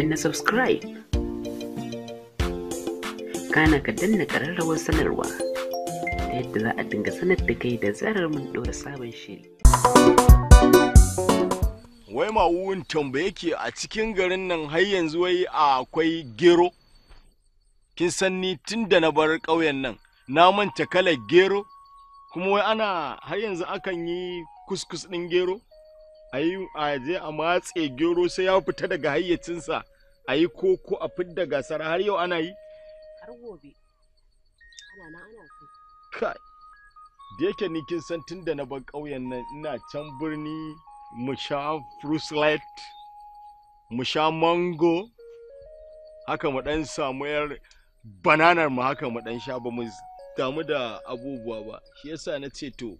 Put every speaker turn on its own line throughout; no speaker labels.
danna subscribe kana ka danna ƙararrawar sanarwa ta yadda za a dinga sanar da kai da zarar mun ɗora sabon shiri wai mawuwin tambaye ke a cikin garin nan har yanzu wai akwai gero kin san ni tun da na bar ƙauyen nan na manta kalar gero kuma wai ana har yanzu akan yi kuskus ɗin gero a yi a je a matse gero sai ya fita daga hayyacinsa ayi yi koko a fidda gasar har yau ana yi
har gobe ana na ana
kai da yake ni kin san tun da na bar ƙauyen nan ina can birni mu sha fruit mu sha mango haka mu dan samu yar bananar mu haka mu dan sha ba mu damu da abubuwa ba shi yasa na ce to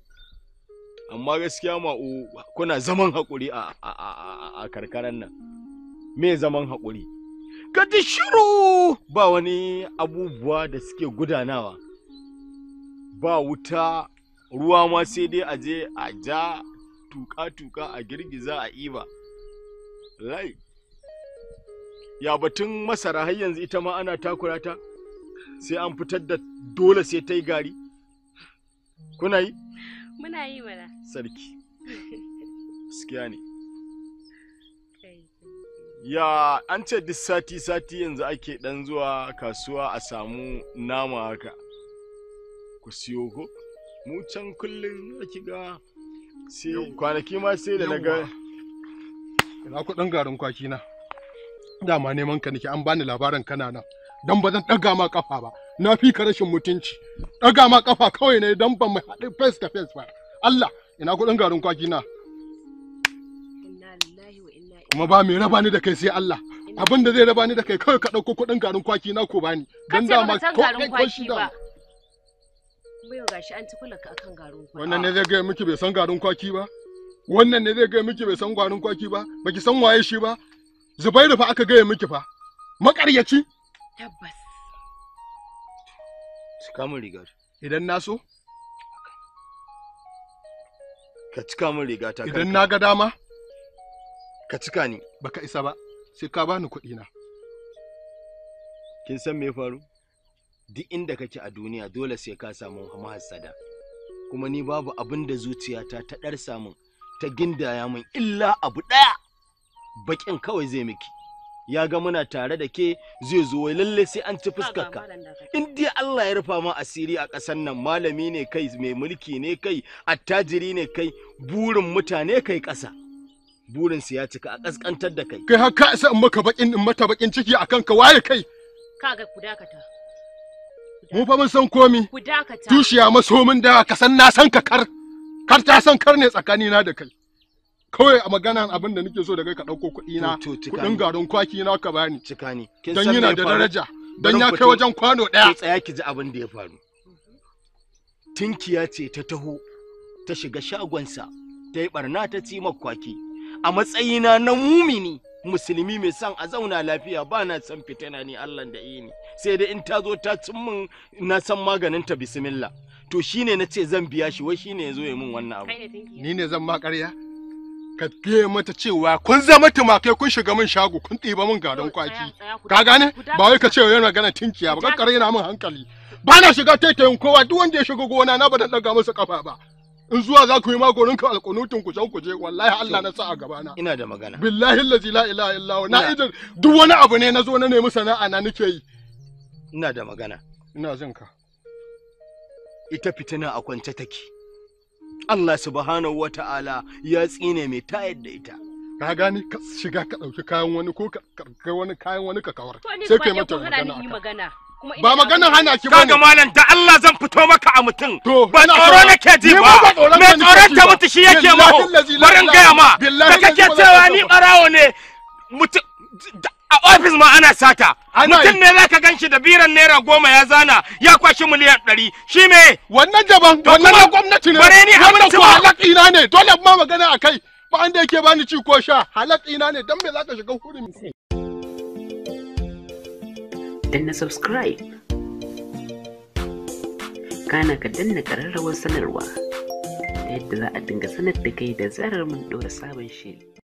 amma gaskiya ma'u kuna zaman haƙuri a karkaran nan me zaman haƙuri ka ji shiru ba wani abubuwa da suke gudanawa ba wuta ruwa ma sai dai a je a ja tuka-tuka a girgiza a iba lai ya batun masara har yanzu ita ma ana takura ta sai an fitar da dole sai ta yi gari kuna yi
Muna yi mana.
Sarki. Gaskiya ne. Ya an ce duk sati-sati yanzu ake ɗan zuwa kasuwa a samu nama haka. Ku siyo ko? Mu can kullum ake ga sai kwanaki ma sai da na
Ina kuɗin garin kwaki na. Dama neman ka nake an bani labarin kana nan. Dan ba zan ɗaga ma kafa ba. na fi ka rashin mutunci ɗaga ma kafa kawai ne don ban mai haɗin face to face ba Allah ina kuɗin garin kwaki na kuma ba mai raba ni da kai sai Allah abin da zai raba ni da kai kawai ka ɗauko kuɗin garin kwaki na ko bani don ma ko
ko shi da gashi an ka akan
garin kwaki wannan ne zai ga miki bai san garin kwaki ba wannan ne zai gaya miki bai san garin kwaki ba baki san waye shi ba zubairu fa aka gaya miki fa makaryaci
tabbas cika min rigar
idan na so ka
cika min riga ta idan na
ga dama ka cika ni baka isa ba sai ka bani kuɗi na
kin san me faru duk inda kake a duniya dole sai ka samu mahassada kuma ni babu abin da zuciyata ta ɗar samun ta gindaya min illa abu ɗaya baƙin kawai zai miki ya ga muna tare da ke zai zo lalle sai an ci fuskarka in dai Allah ya rufa ma asiri a ƙasar nan malami ne kai mai mulki ne kai attajiri ne kai burin mutane kai ƙasa burin su
ya cika a ƙasƙantar da kai kai har ka isa in maka bakin in mata bakin ciki akan ka waye kai kaga ku dakata mu fa mun san komi ku dakata tushiya maso mun da ka san na san ka kar kar ta san kar ne tsakanina da kai kawai a maganan abin da nake so da kai ka ɗauko kuɗi na kuɗin garin kwaki na ka bani cika don yana da daraja don ya kai wajen kwano ɗaya tsaya ki ji abin da ya faru tinkiya ce
ta taho ta shiga shagonsa ta yi barna ta ci kwaki a matsayina na mumini musulmi mai son a zauna lafiya ba na son fitana ni Allah da iyi ne sai dai in ta zo ta cin min na san maganin ta bismillah to shine na ce zan
biya shi wai shine ya zo ya min wannan abu ni ne zan ma ƙarya ka gaya mata cewa kun zama tumakai kun shiga min shago kun ɗiba min gadon kwaki ka gane ba wai ka ce yana magana tinkiya ba kankara yana min hankali ba na shiga taitayin kowa duk wanda ya shiga gona na ba da ɗaga masa kafa ba in zuwa za ku yi magonin ka alƙunutun ku can ku je wallahi Allah na sa a gabana ina da magana billahi la ilaha illallah na idan duk wani abu ne na zo na nemi sana'a na nake yi
ina da magana ina jin ka ita fitina a kwance take
Allah subhanahu wa ta'ala ya tsine mai tayar da ita. Ka gani ka shiga ka ɗauki kayan wani ko ka kai wani kayan wani ka kawar. Sai kai mata magana. Ba magana hana ki bane. Kaga malam da Allah zan fito maka a mutum. Ba tsoro nake ji ba. me tsoron ta mutu shi yake maho. Barin gaya ma. Da kake cewa ni barawo
ne. Mutum ofis ma ana sata mutum ne za ka gan
shi da biran naira goma ya zana ya kwashi miliyan ɗari shi me wannan daban wannan na gwamnati ne wannan ko na ne dole ma magana a kai ba an da yake bani ci ko sha na ne don me za ka shiga hurumi danna
subscribe kana ka danna ƙararrawar sanarwa ta yadda za a dinga sanar da kai da zarar mun ɗora sabon shiri